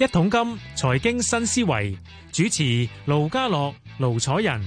一桶金財經新思維，主持盧家樂、盧楚仁，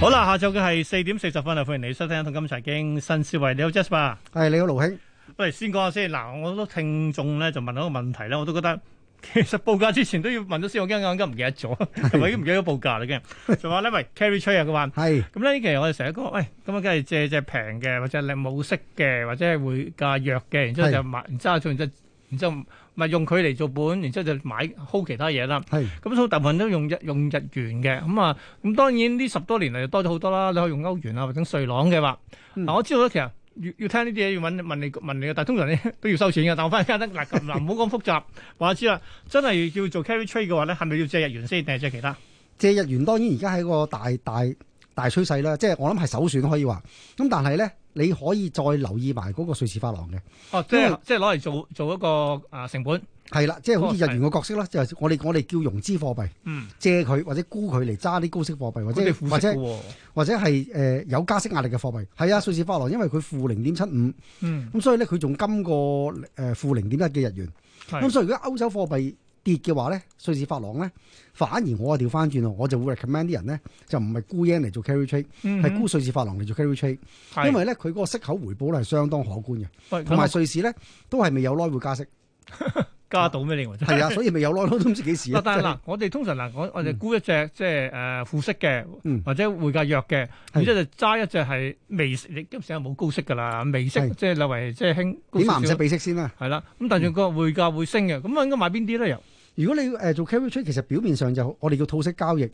好啦，下晝嘅係四點四十分喇，歡迎你收聽一桶金財經新思維。你好，Jasper，係你好，盧兄。喂，先講下先，嗱，我都聽眾咧就問到一個問題咧，我都覺得。其實報價之前都要問到先，我驚我啱唔記得咗，同埋已經唔記得報價啦，已經就話咧，喂 carry trade 啊，佢話係，咁咧是的、嗯、其實我哋成日講喂，咁啊梗係借借平嘅，或者你冇息嘅，或者係會價弱嘅，然之後就買，是的 然之後再就，然之後咪、就是就是、用佢嚟做本，然之後就買 hold 其他嘢啦。係，咁所以大部分都用日用日元嘅，咁、嗯、啊，咁、嗯、當然呢十多年嚟就多咗好多啦，你可以用歐元啊或者瑞郎嘅話，嗱、啊、我知道其實。其實要要聽呢啲嘢，要問問你問你嘅，但係通常咧都要收錢嘅。但我翻去加得嗱嗱，唔好咁複雜。話知啦，真係要做 carry trade 嘅話咧，係咪要借日元先定係借其他？借日元當然而家係個大大大趨勢啦，即係我諗係首選可以話。咁但係咧，你可以再留意埋嗰個瑞士法郎嘅。哦，即係、因為、即係即係攞嚟做做一個啊成本。係啦，即係好似日元個角色啦，的就係我哋我哋叫融資貨幣借，借佢或者沽佢嚟揸啲高息貨幣，或者或者或者係誒、呃、有加息壓力嘅貨幣係啊。瑞士法郎因為佢負零點七五，咁所以咧佢仲金過誒、呃、負零點一嘅日元。咁的所以如果歐洲貨幣跌嘅話咧，瑞士法郎咧反而我啊調翻轉咯，我就會 recommend 啲人咧就唔係沽 yen 嚟做 carry trade，係、嗯、哼沽瑞士法郎嚟做 carry trade，的因為咧佢嗰個息口回報咧係相當可觀嘅，同埋的的瑞士咧都係未有攞會加息。 加到咩另外？係啊， 啊，所以咪有耐咯， 都唔知幾時啊！ 但係嗱、啊，我哋通常嗱、嗯，我我哋沽一隻即係誒負息嘅，或者匯價弱嘅，然之就揸一隻係微息，你今時冇高息噶啦，微息是 即係立為即係輕。點唔使俾息先啦、嗯，係啦，咁但係仲個匯價會升嘅，咁、嗯、應該買邊啲咧又？如果你誒做 carry trade 其實表面上就我哋叫套息交易。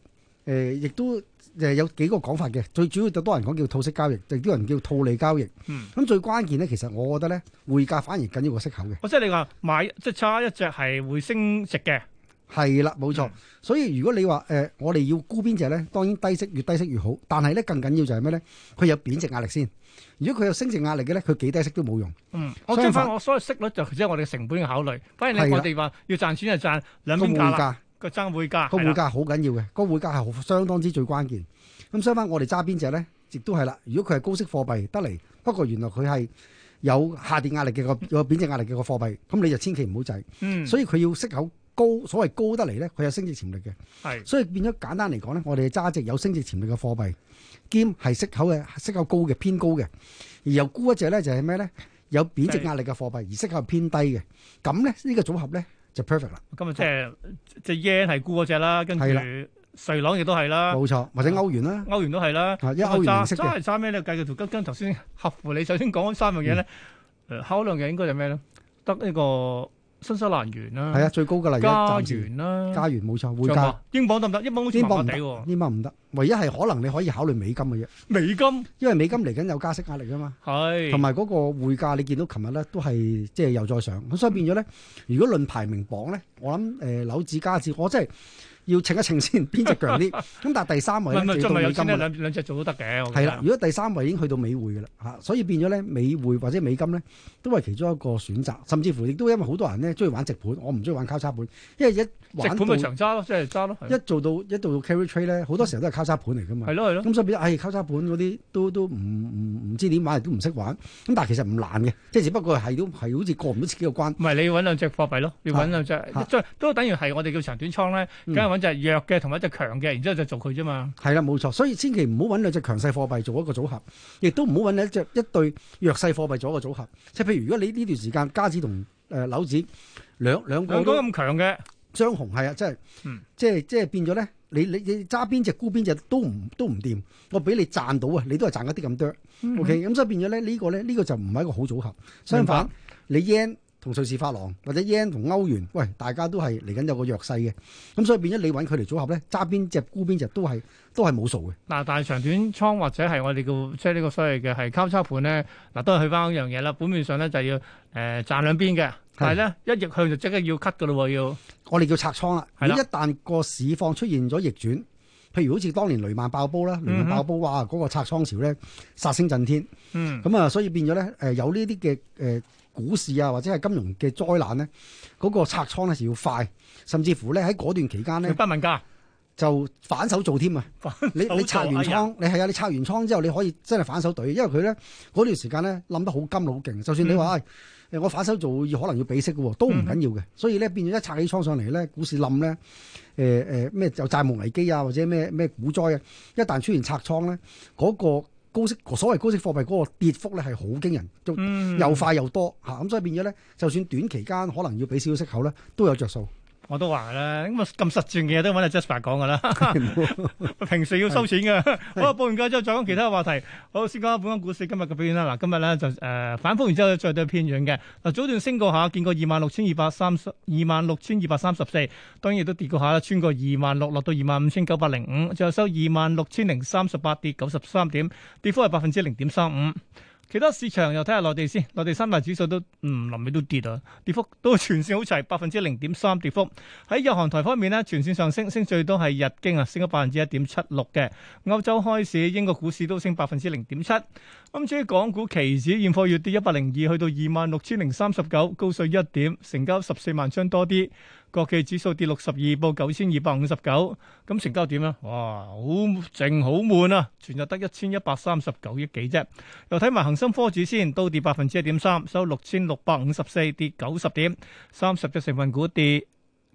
誒亦都誒有幾個講法嘅，最主要就多人講叫套息交易，就啲人叫套利交易。嗯，咁最關鍵咧，其實我覺得咧，匯價反而緊要過息口嘅。我即係你話買，即係差一隻係會升值嘅。係啦，冇錯。所以如果你話誒，我哋要沽邊隻咧，當然低息越低息越好。但係咧，更緊要就係咩咧？佢有貶值壓力先。如果佢有升值壓力嘅咧，佢幾低息都冇用。嗯，我相反，我所以息率就係即係我哋嘅成本嘅考慮。反而你我哋話要賺錢就賺兩邊價。個增匯價，個匯價好緊要嘅，個匯價係相當之最關鍵。咁相反我，我哋揸邊隻咧，亦都係啦。如果佢係高息貨幣得嚟，不過原來佢係有下跌壓力嘅個，有貶值壓力嘅個貨幣，咁 你就千祈唔好制。嗯，所以佢要息口高，所謂高得嚟咧，佢有升值潛力嘅。係是，所以變咗簡單嚟講咧，我哋揸隻有升值潛力嘅貨幣，兼係息口嘅息口高嘅偏高嘅。而又沽一隻咧，就係咩咧？有貶值壓力嘅貨幣，而息口偏低嘅。咁咧呢、呢個組合咧？就 perfect 啦。今日即係即係 yen 係沽嗰隻啦，跟住瑞郎亦都係啦，冇錯，或者歐元啦，歐元都係啦。一揸揸係揸咩咧？繼續跟跟頭先合乎你首先講開三樣嘢咧。呃，考量嘅應該係咩咧？得呢個。新西蘭元啦、啊，係啊，最高嘅㗎啦，加元啦，加元冇錯，匯價，嗎英鎊得唔得？英鎊唔得，英鎊唔得，唯一係可能你可以考慮美金嘅啫。美金，因為美金嚟緊有加息壓力啊嘛，係的，同埋嗰個匯價你，你見到琴日咧都係即係又再上，咁所以變咗咧，嗯、如果論排名榜咧，我諗誒樓指加字，我真係。要稱一稱先，邊隻強啲？咁但係第三位咧就 到美金兩隻做都得嘅。係啦，如果第三位已經去到美匯嘅啦，嚇，所以變咗咧，美匯或者美金咧都係其中一個選擇，甚至乎亦都因為好多人咧中意玩直盤，我唔中意玩交叉盤，因為一玩直盤咪長揸咯，即係揸咯。一做到一做到 carry trade 咧，好多時候都係交叉盤嚟㗎嘛。係咯係咯。咁所以變咗，唉、哎，交叉盤嗰啲都都唔唔唔知點玩，都唔識玩。咁但係其實唔難嘅，即係只不過係都係好似過唔到自己個關。唔係你揾兩隻貨幣咯，你揾兩隻，即、啊啊、都等於係我哋叫長短倉咧，就係弱嘅同埋一隻強嘅，然之後就做佢啫嘛。係啦，冇錯。所以千祈唔好揾兩隻強勢貨幣做一個組合，亦都唔好揾一隻一對弱勢貨幣做一個組合。即係譬如，如果你呢段時間家指同誒樓指兩兩個都咁強嘅，雙紅係啊，即係、嗯，即係即係變咗咧。你你你揸邊隻沽邊隻都唔都唔掂。我俾你賺到啊，你都係賺一啲咁多。O K，咁所以變咗咧呢個咧呢、呢個就唔係一個好組合。相反，你同瑞士法郎或者 yen 同歐元，喂，大家都係嚟緊有個弱勢嘅，咁所以變咗你揾佢嚟組合咧，揸邊隻沽邊隻都係都係冇數嘅。嗱，但係長短倉或者係我哋叫即係呢個所謂嘅係交叉盤咧，嗱都係去翻一樣嘢啦。本面上咧就要誒站、呃、兩邊嘅，但係咧的一入去就即刻要 cut 嘅咯，要我哋叫拆倉啦。咁的一旦個市況出現咗逆轉，譬如好似當年雷曼爆煲啦，雷曼爆煲話，嗰個拆倉潮咧殺聲震天，咁啊、嗯，所以變咗咧，誒有呢啲嘅誒股市啊，或者係金融嘅災難咧，嗰、嗰個拆倉咧就要快，甚至乎咧喺嗰段期間咧，不問價，就反手做添啊！ 你你拆完倉，哎、呀你係啊！你拆完倉之後，你可以真係反手對，因為佢咧嗰段時間咧冧得好金佬勁。就算你話誒、嗯哎，我反手做要可能要俾息嘅，都唔緊要嘅。嗯、所以咧變咗一拆起倉上嚟咧，股市冧咧誒誒咩就債務危機啊或者咩咩股災啊，一旦出現拆倉咧，嗰、嗰個高息所謂高息貨幣嗰個跌幅咧係好驚人，都又快又多嚇。咁、嗯、所以變咗咧，就算短期間可能要俾少，少息口咧，都有着數。我都話啦，咁啊咁實戰嘅嘢，都揾阿 Jasper 講㗎啦。 平時要收錢㗎， 是 好，報完價之後再講其他話題。好，先講下本港股市今日嘅表現啦。嗱，今日咧就誒、呃、反覆，然之後再都偏軟嘅嗱。早段升過下，見過二萬六千二百三十，二萬六千二百三十四，當然亦都跌過下，穿過二萬六，落到二萬五千九百零五，最後收二萬六千零三十八，跌九十三點，跌幅係百分之零點三五。其他市場又睇下內地先，內地三大指數都唔臨尾都跌啊，跌幅都全線好齊，百分之零點三跌幅。喺日韓台方面呢，全線上升，升最多係日經啊，升咗百分之一點七六嘅。歐洲開始，英國股市都升百分之零點七。咁至於港股期指，現貨月跌一百零二，去到二萬六千零三十九，高水一點，成交十四萬張多啲。國企指數跌六十二，報九千二百五十九。咁成交點咧？哇，好靜好悶啊！全日得一千一百三十九億幾啫。又睇埋恒生科指先，都跌百分之一點三，收六千六百五十四，跌九十點，三十隻成份股跌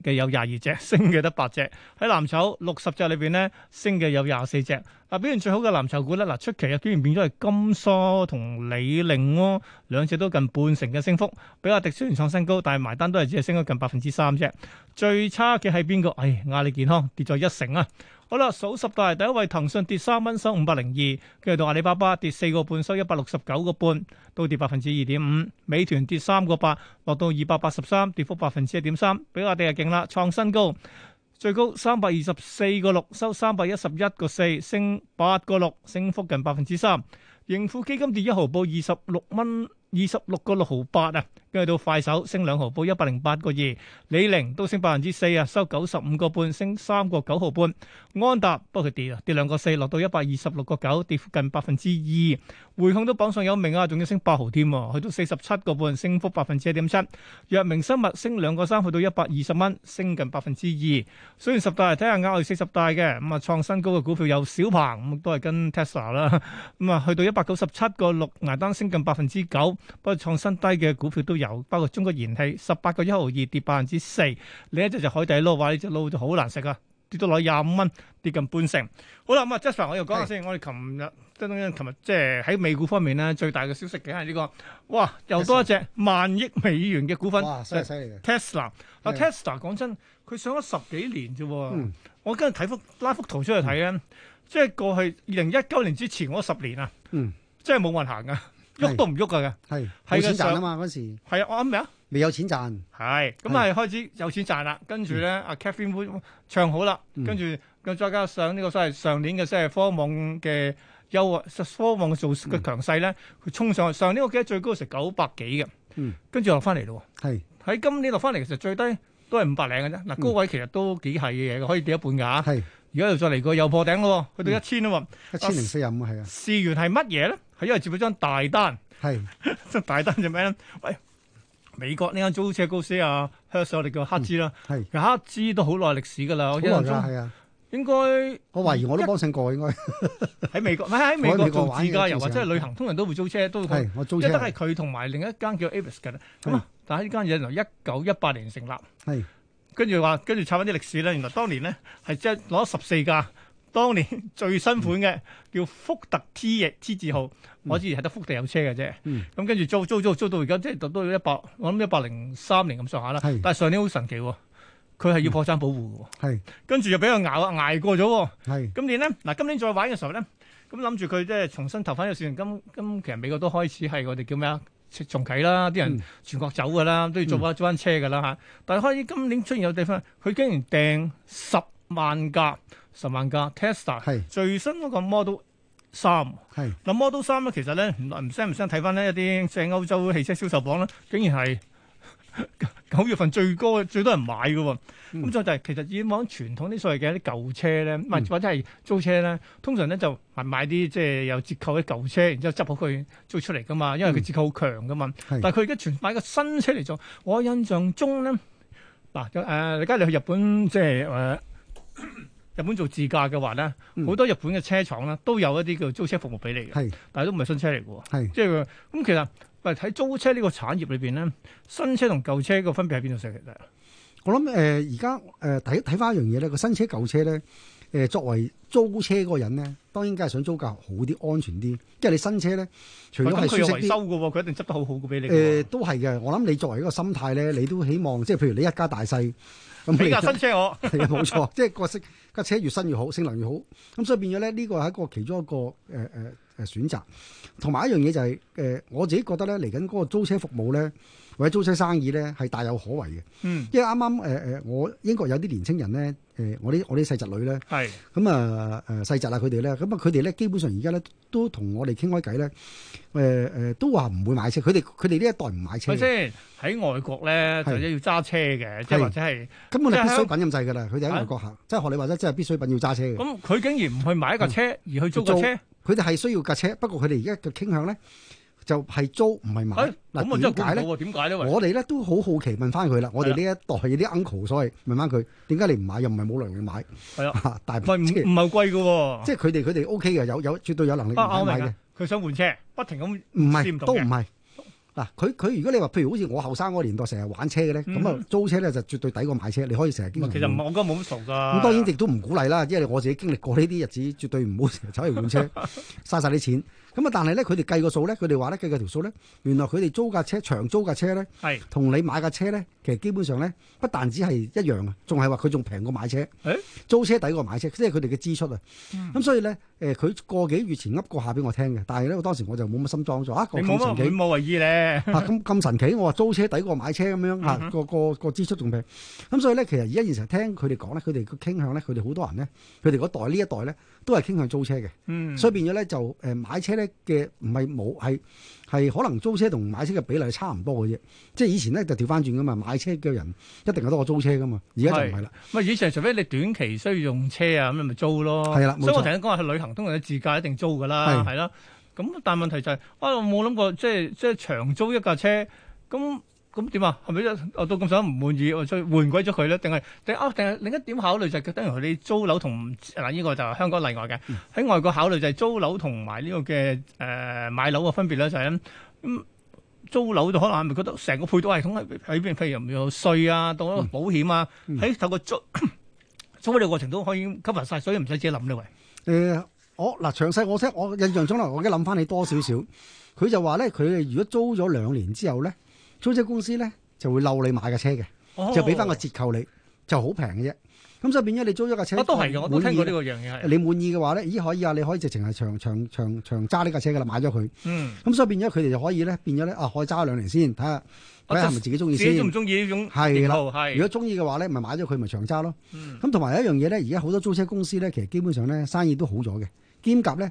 嘅有廿二隻，隻隻升嘅得八隻。喺藍籌六十隻裏邊咧，升嘅有廿四隻。嗱，表現最好嘅藍籌股咧，嗱、啊、出奇啊，居然變咗係金沙同李寧咯，兩隻都近半成嘅升幅，比亞迪雖然創新高，但係埋單都係只係升咗近百分之三啫。最差嘅係邊個？哎，阿里健康跌咗一成啊！好啦，數十大第一位，騰訊跌三蚊收五百零二，跟住到阿里巴巴跌四個半收一百六十九個半，都跌百分之二點五。美團跌三個八，落到二百八十三，跌幅百分之一點三。比亞迪又勁啦，創新高，最高三百二十四個六，收三百一十一個四，升八個六，升幅近百分之三。盈富基金跌一毫，報二十六蚊。二十六個六毫八啊，跟住到快手升兩毫，報一百零八個二。李寧都升百分之四啊，收九十五個半，升三個九毫半。安踏不過佢跌啊，跌兩個四，落到一百二十六個九，跌近百分之二。匯控都榜上有名啊，仲要升八毫添，去到四十七個半，升幅百分之一點七。藥明生物升兩個三，去到一百二十蚊，升近百分之二。雖然十大睇下，我係四十大嘅咁啊，創新高嘅股票有小鵬咁，都係跟 Tesla 啦，咁啊去到一百九十七個六，挨單升近百分之九。不過創新低嘅股票都有，包括中國燃氣十八個一毫二跌百分之四，另一隻就海底撈話呢隻撈就好難食啊，跌到落廿五蚊，跌近半成。好啦，咁啊 Justin 我又講下先，我哋琴日 Justin 琴日即係喺美股方面咧，最大嘅消息梗係呢個，哇，又多一隻萬億美元嘅股份，犀利犀利嘅 Tesla。嗱的 Tesla 講真，佢上咗十幾年啫，嗯、我今日睇幅拉幅圖出去睇咧，嗯、即係過去二零一九年之前嗰十年啊，即係冇運行噶。喐都唔喐嘅，冇錢賺啊嘛！嗰時係啊，我諗咩啊？未有錢賺。係咁，係開始有錢賺啦。跟住咧，阿 Caffeine 唱好啦。跟住再加上呢個即係上年嘅即係科網嘅優科網嘅做嘅強勢咧，佢衝上去。上年我記得最高成九百幾嘅，跟住落翻嚟咯。係喺今年落翻嚟，其實最低都係五百零嘅啫。嗱，高位其實都幾係嘅嘢，可以跌一半㗎嚇。係。而家又再嚟個又破頂咯，去到一千啊！一千零四廿五係啊。事緣係乜嘢咧？係因為接咗張大單，係張大單叫咩咧？喂，美國呢間租車公司啊，係我哋叫黑芝啦，係。黑芝都好耐歷史噶啦，好耐噶係啊，應該我懷疑我都幫襯過，應該喺美國，喺喺美國做自駕又或者係旅行，通常都會租車，都係我租車。即得係佢同埋另一間叫 Avis 噶啦，咁啊，但係呢間嘢原來一九一八年成立，係跟住話跟住拆翻啲歷史咧，原來當年咧係即係攞咗十四架。當年最新款嘅、嗯、叫福特 T 翼 T 字號，我之前係得福特有車嘅啫。咁、嗯、跟住租租租租，租到而家，即係到到一百，我諗一百零三年咁上下啦。但係上年好神奇、哦，佢係要破產保護嘅。嗯、跟住又俾佢捱捱過咗、哦。係是，今年咧嗱、啊，今年再玩嘅時候咧，咁諗住佢即係重新投翻個線。咁、嗯嗯嗯、其實美國都開始係我哋叫咩啊？重啟啦，啲人，人全國走嘅啦，都要做下做翻車嘅啦嚇、嗯。但係開始今年出現有地方，佢竟然訂十萬架。十萬架 Tesla 是最新嗰個 Model 三，嗱是 Model 三咧，其實咧唔聲唔聲睇翻呢？不行不行看看一啲即係歐洲汽車銷售榜啦，竟然係九月份最高嘅最多人買㗎喎、哦。咁所以就係其實以往傳統啲所謂嘅啲舊車咧，唔係或者係租車咧，通常咧，就買啲即係有折扣嘅舊車，然之後執好佢租出嚟㗎嘛，因為佢折扣好強㗎嘛。但係佢而家全買個新車嚟做。我印象中咧，嗱、啊、誒，你、呃、家你去日本即係誒？呃日本做自駕嘅話咧，好、嗯、多日本嘅車廠咧都有一啲叫租車服務俾你嘅，是但係都唔係新車嚟嘅喎。係是即係咁、嗯，其實睇租車呢個產業裏邊咧，新車同舊車個分別喺邊度嚟其實？我諗誒，而家誒睇睇翻一樣嘢咧，個新車舊車咧誒，作為租車嗰個人咧，當然梗係想租架好啲、安全啲，即係你新車咧，除咗係舒適啲，維修嘅喎，佢一定執得好好嘅俾你。誒，都係嘅。我諗你作為一個心態咧，你都希望即係譬如你一家大細。比較新車我係啊，冇錯，即係個色架車越新越好，性能越好，咁所以變咗咧，呢、呢個係一個其中一個誒誒。呃呃誒選擇同埋一樣嘢就係、是、誒、呃、我自己覺得咧嚟緊嗰個租車服務咧或者租車生意咧係大有可為嘅，嗯、因為啱啱誒誒我英國有啲年輕人咧誒、呃，我啲我啲細侄女咧，係咁啊誒細侄啊佢哋咧，咁啊佢哋咧基本上而家咧都同我哋傾開偈咧，誒、呃、誒都話唔會買車，佢哋佢哋呢一代唔買車。係先喺外國咧，或者要揸車嘅，即係或者係根本係必須品飲制㗎啦。佢哋喺外國行，即係學你話齋，即係必須品要揸車嘅。咁佢竟然唔去買一架車，而去租架車？佢哋係需要架車，不過佢哋而家嘅傾向咧就係、是、租，唔係買。嗱、啊，點解咧？點解咧？我哋咧都好好奇問返佢啦。的我哋呢一代啲 uncle 所謂問返佢，點解你唔買？又唔係冇能力買。係啊的，大唔唔係貴㗎，即係佢哋佢哋 OK 嘅，有有絕對有能力、啊、買嘅。佢想換車，不停咁唔係都唔係。嗱，佢佢如果你話譬如好似我後生嗰年代成日玩車嘅咧，咁啊、嗯、租車咧就絕對抵過買車，你可以成日。其實我覺得冇乜傻㗎。咁當然亦都唔鼓勵啦，因為我自己經歷過呢啲日子，絕對唔好成日炒嚟換車，嘥晒啲錢。咁啊！但係咧，佢哋計個數咧，佢哋話咧計個條數咧，原來佢哋租架車長租架車咧，係同是你買架車咧，其實基本上咧不但只係一樣啊，仲係話佢仲平過買車，誒、欸、租車抵過買車，即係佢哋嘅支出啊。咁、嗯嗯、所以咧，誒佢個幾月前噏過下俾我聽嘅，但係咧，當時我就冇乜心裝咗啊！咁神奇冇啊姨咧啊！咁咁神奇，我話租車抵過買車咁樣嚇、嗯哼啊，個個個支出仲平。咁、嗯、所以咧，其實而家現成聽佢哋講咧，佢哋嘅傾向咧，佢哋好多人咧，佢哋嗰代呢一代咧，都係傾向租車嘅。嗯、所以變咗咧就誒買車咧。嘅唔係冇，係係可能租車同買車嘅比例差唔多嘅啫。即係以前咧就調翻轉噶嘛，買車嘅人一定係多過租車噶嘛，而家就唔係啦。咪以前除非你短期需要用車啊，咁你咪租咯。係啦，冇錯。所以我頭先講係旅行通常自駕一定租㗎啦，係啦的。咁但係問題就係、是、啊，我冇諗過即係即係長租一架車咁。咁點啊？係咪都我都咁想唔滿意，我再換鬼咗佢咧？定係定啊？定係另一點考慮就係，等於你租樓同嗱，呢個就係香港例外嘅。喺外國考慮就係租樓同埋呢個嘅誒買樓嘅分別咧，就係咁。租樓就可能係咪覺得成個配套系統喺喺邊譬如？有稅啊，到保險啊，喺透過租租嗰啲過程都可以吸收曬，所以唔使自己諗咧，喂。誒，我嗱詳細，我聽我印象中啦，我而家諗翻你多少少，佢就話咧，佢如果租咗兩年之後咧。租車公司咧就會嬲你買架車嘅，就俾翻個折扣你，就好平嘅啫。咁所以變咗你租咗架車，啊、都係嘅。我聽過呢個樣嘢，滿意嘅。你滿意嘅話咧，咦可以啊，你可以直情係長長長長揸呢架車噶啦，買咗佢。嗯。咁所以變咗佢哋就可以咧，變咗咧啊，可以揸兩年先，睇下睇下係咪自己中意先。啊、自己中唔中意呢種？係啦，係。如果中意嘅話咧，咪買咗佢咪長揸咯。咁同埋一樣嘢咧，而家好多租車公司咧，其實基本上咧生意都好咗嘅。兼夾咧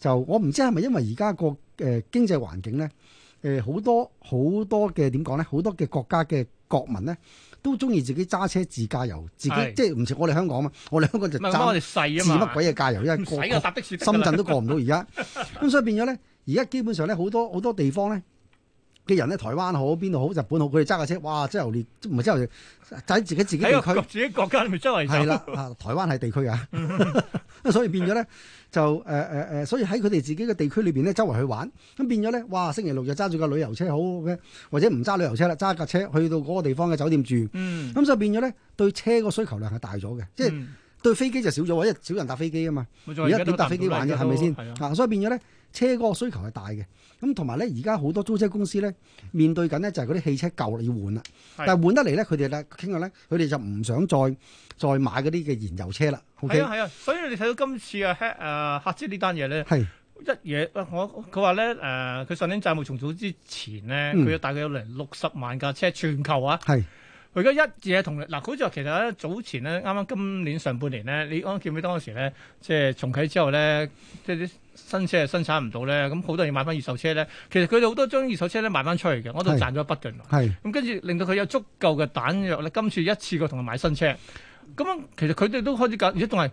就我唔知係咪因為而家個誒經濟環境咧。誒，好多好多嘅點講咧，好多嘅國家嘅國民咧，都中意自己揸車，自駕遊，自己的即係唔似我哋香港啊！我哋香港就揸我哋細啊自乜鬼嘅駕遊，因為過、啊、深圳都過唔到而家，咁 所以變咗咧，而家基本上咧，好多好多地方咧。嘅人咧，台灣好，邊度好，日本好，佢哋揸架車，哇！周圍連，唔係周圍，喺自己自己地區，自己國家裏面周圍走。係啦，台灣係地區啊、 呃呃，所以變咗咧，就誒誒誒，所以喺佢哋自己嘅地區裏邊咧，周圍去玩。咁變咗咧，哇！星期六就揸住架旅遊車好嘅，或者唔揸旅遊車啦，揸架車去到嗰個地方嘅酒店住。嗯。咁就變咗咧，對車個需求量係大咗嘅，即係。嗯。對飛機就少咗，因為少人搭飛機啊嘛，而家點搭飛機玩啫，係咪先？係係啊，啊，所以變咗咧，車嗰個需求係大嘅。咁同埋咧，而家好多租車公司咧，面對緊咧就係嗰啲汽車舊啦，要換啦。但係換得嚟咧，佢哋咧傾下咧，佢哋就唔想再再買嗰啲嘅燃油車啦。係、okay? 啊係啊，所以你睇到今次阿 h a c 呢單嘢咧，啊、一嘢我佢話咧誒，佢、呃、上年債務重組之前咧，佢有大概有嚟六十萬架車全球啊。佢而家一嘢同，嗱、啊、好似話，其實喺、啊、早前咧，啱啱今年上半年咧，你安記唔記得陣時咧，即係重啟之後咧，即係啲新車啊生產唔到咧，咁好多人買翻二手車咧。其實佢哋好多將二手車咧賣翻出嚟嘅，嗰度賺咗一筆嘅。係，咁跟住令到佢有足夠嘅彈藥咧，今次一次過同佢買新車。咁、嗯、啊，其實佢哋都開始搞，而且仲係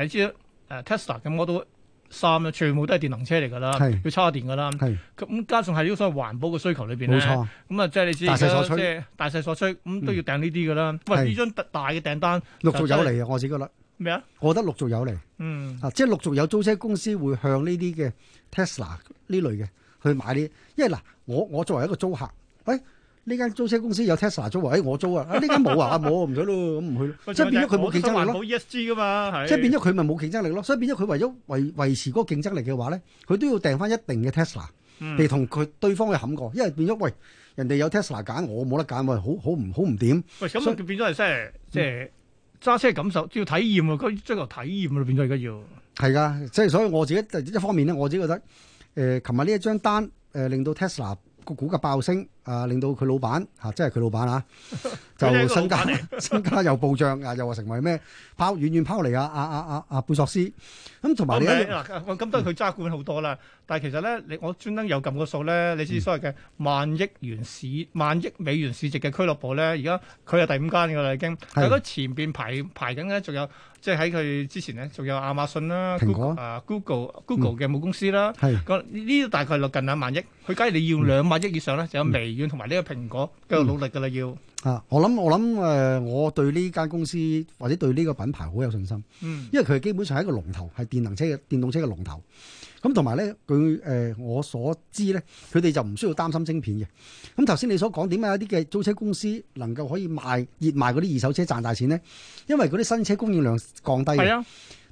你知啦、呃、，Tesla 咁、嗯、我都。三啦，全部都係電動車嚟㗎啦，是要叉電㗎啦。咁是加上係呢個所謂環保嘅需求裏邊，咁啊錯，即係你知啦，即係大勢所需，咁、嗯、都要訂呢啲㗎啦。喂、嗯，係呢張特大嘅訂單、就是，陸續有嚟啊！我自己覺得咩啊？我覺得陸續有嚟。嗯，啊，即係陸續有租車公司會向呢啲嘅 Tesla 呢類嘅去買啲，因為嗱，我我作為一個租客，喂、哎。呢間租車公司有 Tesla 租，哎、租啊，誒我租啊，呢間冇啊，啊冇啊，唔使咯，咁唔去咯。即係變咗佢冇競爭力咯。G 嘛即係變咗佢咪冇競爭力咯，所以變咗佢為咗維維持嗰個競爭力嘅話咧，佢都要訂翻一定嘅 Tesla，嚟同佢對方去冚過，因為變咗喂人哋有 Tesla 揀，我冇得揀，我好好唔好唔點。喂，咁喂以變咗係即係揸車感受，要體驗啊，追求體驗啊，變咗而家要。係噶，即係所、嗯、所，所以我自己一方面咧，我自己覺得誒，琴日呢一張單誒，令到 Tesla 個股嘅爆升，啊，令到佢老闆，吓，即係佢老闆啊，就身家身家又暴漲，啊， 又話成為咩拋遠遠拋嚟啊，啊，啊，啊，啊，啊！阿阿阿阿貝索斯，咁同埋咧，我咁得佢揸股好多啦。嗯、但係其實咧，你我專登有撳個數咧，你知所謂嘅萬億元市萬億美元市值嘅俱樂部咧，而家佢係第五間㗎啦已經。係是，但係佢前邊排排緊咧，仲有。即係喺佢之前咧，仲有亞馬遜啦，Google Google Google 嘅、嗯、母公司啦，咁呢啲大概落近兩萬億。佢、嗯、假如你要兩萬億以上咧，嗯、就有微軟同埋呢個蘋果繼續、嗯、努力嘅啦要。啊！我諗我諗誒，我對呢間公司或者對呢個品牌好有信心，嗯、因為佢基本上係一個龍頭，係電能車嘅電動車嘅龍頭。咁同埋咧，佢誒、呃，我所知咧，佢哋就唔需要擔心晶片嘅。咁頭先你所講點解有啲嘅租車公司能夠可以賣熱賣嗰啲二手車賺大錢咧？因為嗰啲新車供應量降低嘅。係啊，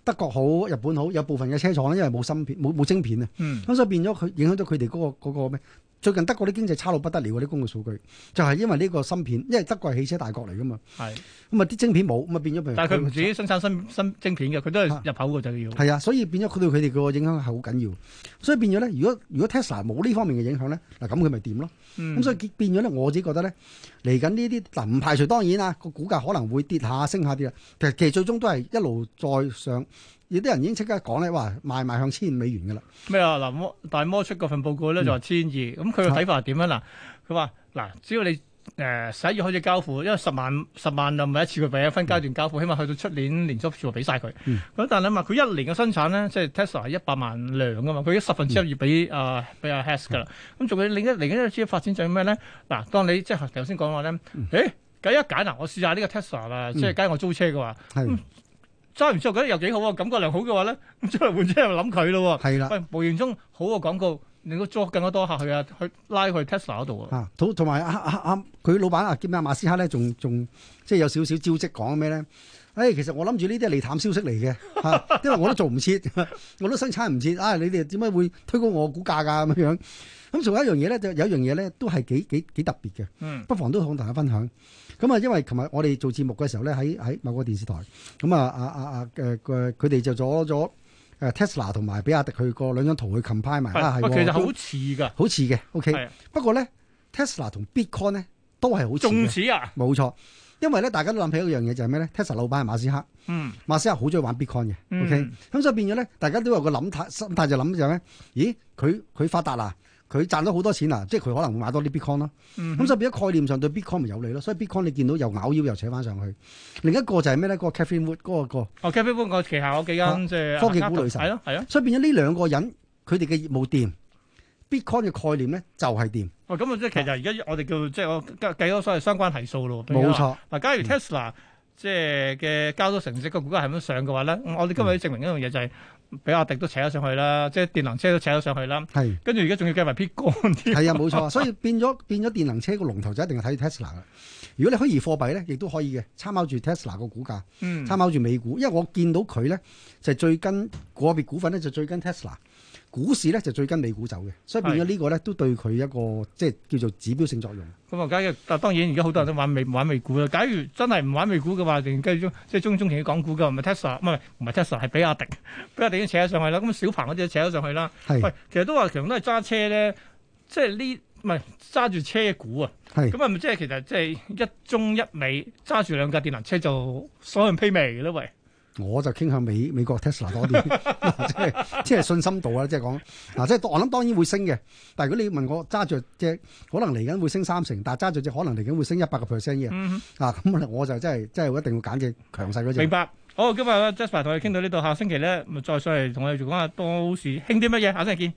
德國好，日本好，有部分嘅車廠因為冇芯片，冇冇晶片啊。嗯。咁所以變咗佢影響咗佢哋嗰個、嗰個咩？嗰個嗰個最近德國啲經濟差到不得了啲工業數據，就係、是、因為呢個芯片，因為德國係汽車大國嚟噶嘛。係是，咁啊啲晶片冇，咁啊變咗咪。但係佢自己生產新新晶片嘅，佢都係入口嘅、啊、就要。係啊，所以變咗佢對佢哋個影響係好緊要。所以變咗咧，如果如果 Tesla 冇呢方面嘅影響咧，嗱咁佢咪點咯？咁、嗯、所以變咗咧，我自己覺得咧，嚟緊呢啲嗱唔排除當然啊個股價可能會跌下升下啲啊。其實其實最終都係一路再上。有啲人已經即刻講咧，哇，賣賣向千美元嘅啦。咩啊？嗱，摩大摩出嗰份報告咧就話千二，咁佢嘅睇法係點樣？嗱，佢話嗱，只要你誒十一月開始交付，因為十萬十萬就唔係一次佢俾，分階段交付，嗯、起碼去到出年年終就俾晒佢。咁、嗯、但係你話佢一年嘅生產咧，即、就、係、是、Tesla 係一百萬輛啊嘛，佢依十分之一月俾啊俾啊 Has 嘅啦。咁仲要另一嚟緊一啲發展就係咩咧？嗱、啊，當你，當你即係頭先講話咧，誒計一減嗱，我試下呢個 Tesla 啦，即係假如我租車嘅話。嗯嗯揸完之後覺得又幾好啊，感覺良好嘅話咧，咁即係換車又係諗佢咯。係啦的，無言中好嘅廣告令到抓更加多客去啊，去拉佢去 Tesla 嗰度啊，啊。啊，同同埋阿阿佢老闆啊，叫阿、啊、馬斯克咧，仲仲即係有少少招職講咩咧？誒、哎，其實我諗住呢啲係利淡消息嚟嘅、啊，因為我都做唔切， 我都生產唔切。啊、哎，你哋點解會推高我股價㗎咁樣樣？咁、啊、仲有一樣嘢咧，就有一樣嘢咧，都係幾幾幾特別嘅。嗯，不妨都同大家分享。咁啊，因為琴日我哋做節目嘅時候咧，喺喺某個電視台，咁啊，啊啊啊，誒佢佢哋就咗咗誒 Tesla 同埋比亞迪去過兩張圖去 compare 埋啦，係的，啊、其實好似㗎，好似嘅，OK 的。不過咧，Tesla 同 Bitcoin 咧都係好似啊，冇錯。因為咧，大家都諗起一樣嘢就係咩咧？Tesla 老闆係馬斯克，嗯，馬斯克好中意玩 Bitcoin 嘅，OK、嗯。咁所以變咗咧，大家都有個諗態心態就諗就係、是、咩？咦，佢佢發達啦！佢賺咗好多錢啊！即係佢可能會買多啲 Bitcoin 咯。咁所以變咗概念上對 Bitcoin 咪有利咯。所以 Bitcoin 你見到又咬腰又扯翻上去。另一個就係咩咧？嗰、那個 Catherine Wood 嗰、那個、那個、哦 Catherine Wood 個旗下有幾間即係、啊啊、科技股女神係咯係咯。啊啊啊、所以變咗呢兩個人佢哋嘅業務掂，Bitcoin 嘅概念咧就係掂。哦咁啊、嗯嗯嗯，即係其實而家我哋叫即係我計咗所謂相關係數咯。冇錯。嗱、嗯，假如 Tesla。即係嘅交咗成績個股價係咁樣上嘅話咧，嗯嗯、我哋今日證明一樣嘢就係，比亞迪都扯咗上去啦，即係電能車都扯咗上去啦。係是，跟住而家仲要計埋 p i 係啊，冇錯， 所以變咗變咗電能車個龍頭就一定係睇 Tesla 啦。如果你虛擬貨幣咧，亦都可以嘅參考住 Tesla 個股價，參考住美股，因為我見到佢咧就係、是、最近，個別股份咧就最近 Tesla。股市咧就最跟美股走嘅，所以變咗呢個咧都對佢一個即係叫做指標性作用。咁啊，假如但當然而家好多人都玩美玩美股啦。假如真係唔玩美股嘅話，連跟中即係中中中期港股噶，唔係 Tesla，唔係唔係 Tesla，係比亞迪，比亞迪已經扯咗上去啦。咁小鵬嗰隻扯咗上去啦。喂，其實都話強都係揸車咧，即係呢唔係揸住車股啊。係咁係咪？即係其實即係一中一美，揸住兩架電能車就所向披靡啦，喂！我就傾向美美國 Tesla 多啲， 即係即係信心度啊！即係講嗱， 即係我諗當然會升嘅，但係如果你問我揸住即係可能嚟緊會升三成，但係揸住隻可能嚟緊會升一百個 percent 嘅，嗯、哼啊咁我就真係真係一定要揀隻強勢嗰隻。明白。好，今日 Jasper 同你傾到呢度，下星期咧咪再上嚟同我哋講下到時興啲乜嘢，下星期見。